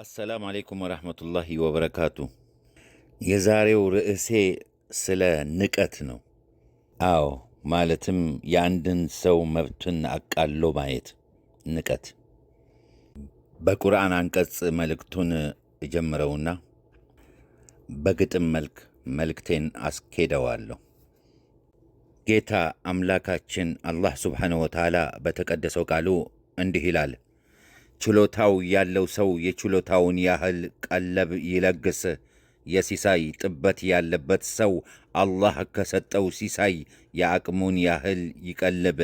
አሰላም አሌይኩም ወረህመቱላሂ ወበረካቱ። የዛሬው ርዕሴ ስለ ንቀት ነው። አዎ ማለትም የአንድን ሰው መብትን አቃሎ ማየት ንቀት። በቁርአን አንቀጽ መልእክቱን እጀምረውና በግጥም መልክ መልእክቴን አስኬደዋለሁ። ጌታ አምላካችን አላህ ሱብሓነሁ ወተዓላ በተቀደሰው ቃሉ እንዲህ ይላል ችሎታው ያለው ሰው የችሎታውን ያህል ቀለብ ይለግስ። የሲሳይ ጥበት ያለበት ሰው አላህ ከሰጠው ሲሳይ የአቅሙን ያህል ይቀልብ።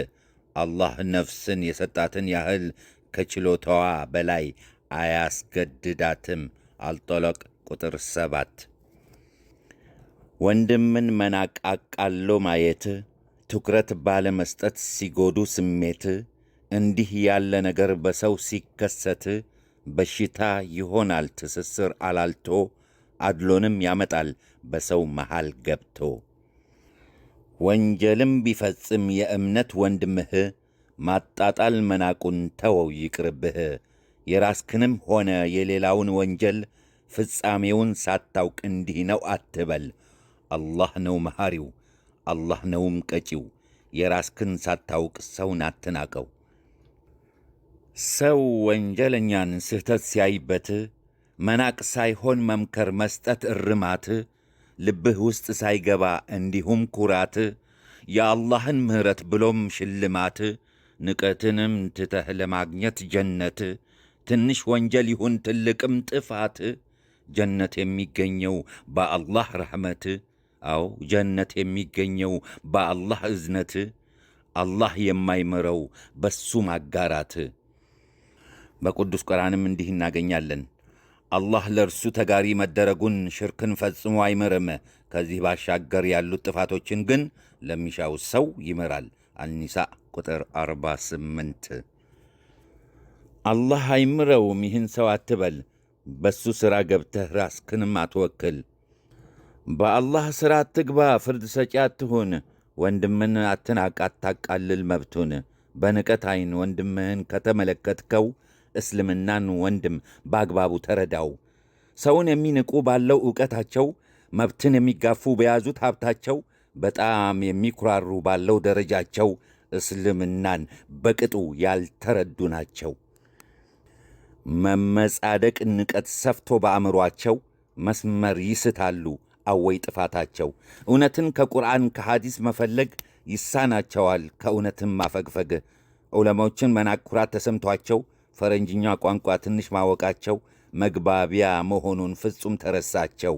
አላህ ነፍስን የሰጣትን ያህል ከችሎታዋ በላይ አያስገድዳትም። አልጠለቅ ቁጥር ሰባት ወንድምን መናቃቃሎ ማየት፣ ትኩረት ባለመስጠት ሲጎዱ ስሜት እንዲህ ያለ ነገር በሰው ሲከሰት በሽታ ይሆናል። ትስስር አላልቶ አድሎንም ያመጣል በሰው መሃል ገብቶ። ወንጀልም ቢፈጽም የእምነት ወንድምህ ማጣጣል መናቁን ተወው ይቅርብህ። የራስክንም ሆነ የሌላውን ወንጀል ፍጻሜውን ሳታውቅ እንዲህ ነው አትበል። አላህ ነው መሐሪው፣ አላህ ነውም ቀጪው። የራስክን ሳታውቅ ሰውን አትናቀው። ሰው ወንጀለኛን ስህተት ሲያይበት መናቅ ሳይሆን መምከር መስጠት እርማት፣ ልብህ ውስጥ ሳይገባ እንዲሁም ኩራት፣ የአላህን ምሕረት ብሎም ሽልማት፣ ንቀትንም ትተህ ለማግኘት ጀነት፣ ትንሽ ወንጀል ይሁን ትልቅም ጥፋት፣ ጀነት የሚገኘው በአላህ ረሕመት፣ አዎ ጀነት የሚገኘው በአላህ እዝነት፣ አላህ የማይምረው በሱ ማጋራት በቅዱስ ቁርአንም እንዲህ እናገኛለን። አላህ ለእርሱ ተጋሪ መደረጉን ሽርክን ፈጽሞ አይምርም። ከዚህ ባሻገር ያሉት ጥፋቶችን ግን ለሚሻው ሰው ይምራል። አልኒሳ ቁጥር 48። አላህ አይምረውም ይህን ሰው አትበል። በሱ ሥራ ገብተህ ራስክንም አትወክል። በአላህ ሥራ አትግባ። ፍርድ ሰጪ አትሁን። ወንድምን አትናቅ፣ አታቃልል መብቱን። በንቀት ዐይን ወንድምህን ከተመለከትከው እስልምናን ወንድም በአግባቡ ተረዳው። ሰውን የሚንቁ ባለው ዕውቀታቸው፣ መብትን የሚጋፉ በያዙት ሀብታቸው፣ በጣም የሚኩራሩ ባለው ደረጃቸው እስልምናን በቅጡ ያልተረዱ ናቸው። መመጻደቅ ንቀት ሰፍቶ በአእምሯቸው መስመር ይስታሉ። አወይ ጥፋታቸው! እውነትን ከቁርአን ከሐዲስ መፈለግ ይሳናቸዋል። ከእውነትም ማፈግፈግ ዑለማዎችን መናቅ ኩራት ተሰምቷቸው ፈረንጅኛ ቋንቋ ትንሽ ማወቃቸው መግባቢያ መሆኑን ፍጹም ተረሳቸው።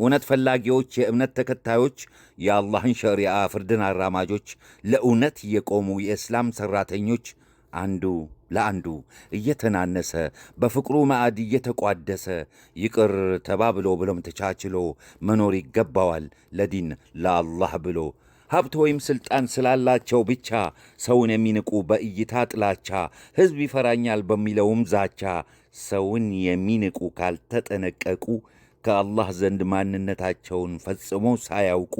እውነት ፈላጊዎች፣ የእምነት ተከታዮች፣ የአላህን ሸሪዓ ፍርድን አራማጆች፣ ለእውነት የቆሙ የእስላም ሠራተኞች አንዱ ለአንዱ እየተናነሰ በፍቅሩ ማዕድ እየተቋደሰ ይቅር ተባብሎ ብሎም ተቻችሎ መኖር ይገባዋል። ለዲን ለአላህ ብሎ ሀብት ወይም ስልጣን ስላላቸው ብቻ ሰውን የሚንቁ በእይታ ጥላቻ፣ ሕዝብ ይፈራኛል በሚለውም ዛቻ ሰውን የሚንቁ ካልተጠነቀቁ ከአላህ ዘንድ ማንነታቸውን ፈጽሞ ሳያውቁ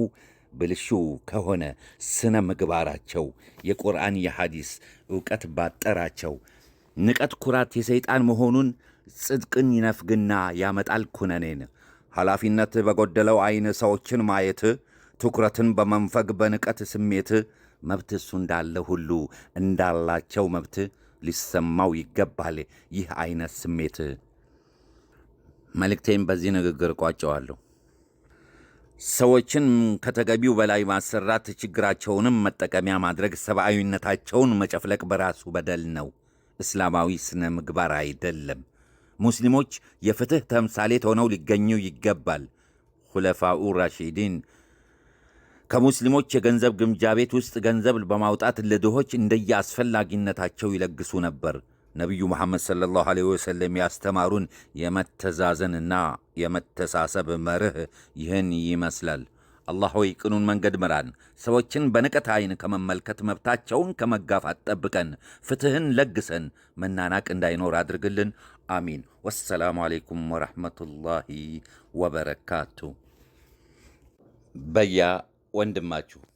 ብልሹ ከሆነ ስነ ምግባራቸው የቁርአን የሐዲስ ዕውቀት ባጠራቸው ንቀት ኩራት የሰይጣን መሆኑን ጽድቅን ይነፍግና ያመጣል ኩነኔን ኃላፊነት በጎደለው ዐይን ሰዎችን ማየት ትኩረትን በመንፈግ በንቀት ስሜት መብት እሱ እንዳለ ሁሉ እንዳላቸው መብት ሊሰማው ይገባል። ይህ አይነት ስሜት መልእክቴም በዚህ ንግግር እቋጨዋለሁ። ሰዎችን ከተገቢው በላይ ማሰራት፣ ችግራቸውንም መጠቀሚያ ማድረግ፣ ሰብአዊነታቸውን መጨፍለቅ በራሱ በደል ነው። እስላማዊ ስነ ምግባር አይደለም። ሙስሊሞች የፍትሕ ተምሳሌት ሆነው ሊገኙ ይገባል። ሁለፋኡ ራሺዲን ከሙስሊሞች የገንዘብ ግምጃ ቤት ውስጥ ገንዘብ በማውጣት ለድሆች እንደየ አስፈላጊነታቸው ይለግሱ ነበር። ነቢዩ መሐመድ ሰለላሁ ዐለይሂ ወሰለም ያስተማሩን የመተዛዘንና የመተሳሰብ መርህ ይህን ይመስላል። አላህ ሆይ ቅኑን መንገድ ምራን፣ ሰዎችን በንቀት ዐይን ከመመልከት መብታቸውን ከመጋፋት ጠብቀን፣ ፍትህን ለግሰን፣ መናናቅ እንዳይኖር አድርግልን። አሚን። ወሰላሙ አሌይኩም ወረሕመቱላሂ ወበረካቱ። በያ ወንድማችሁ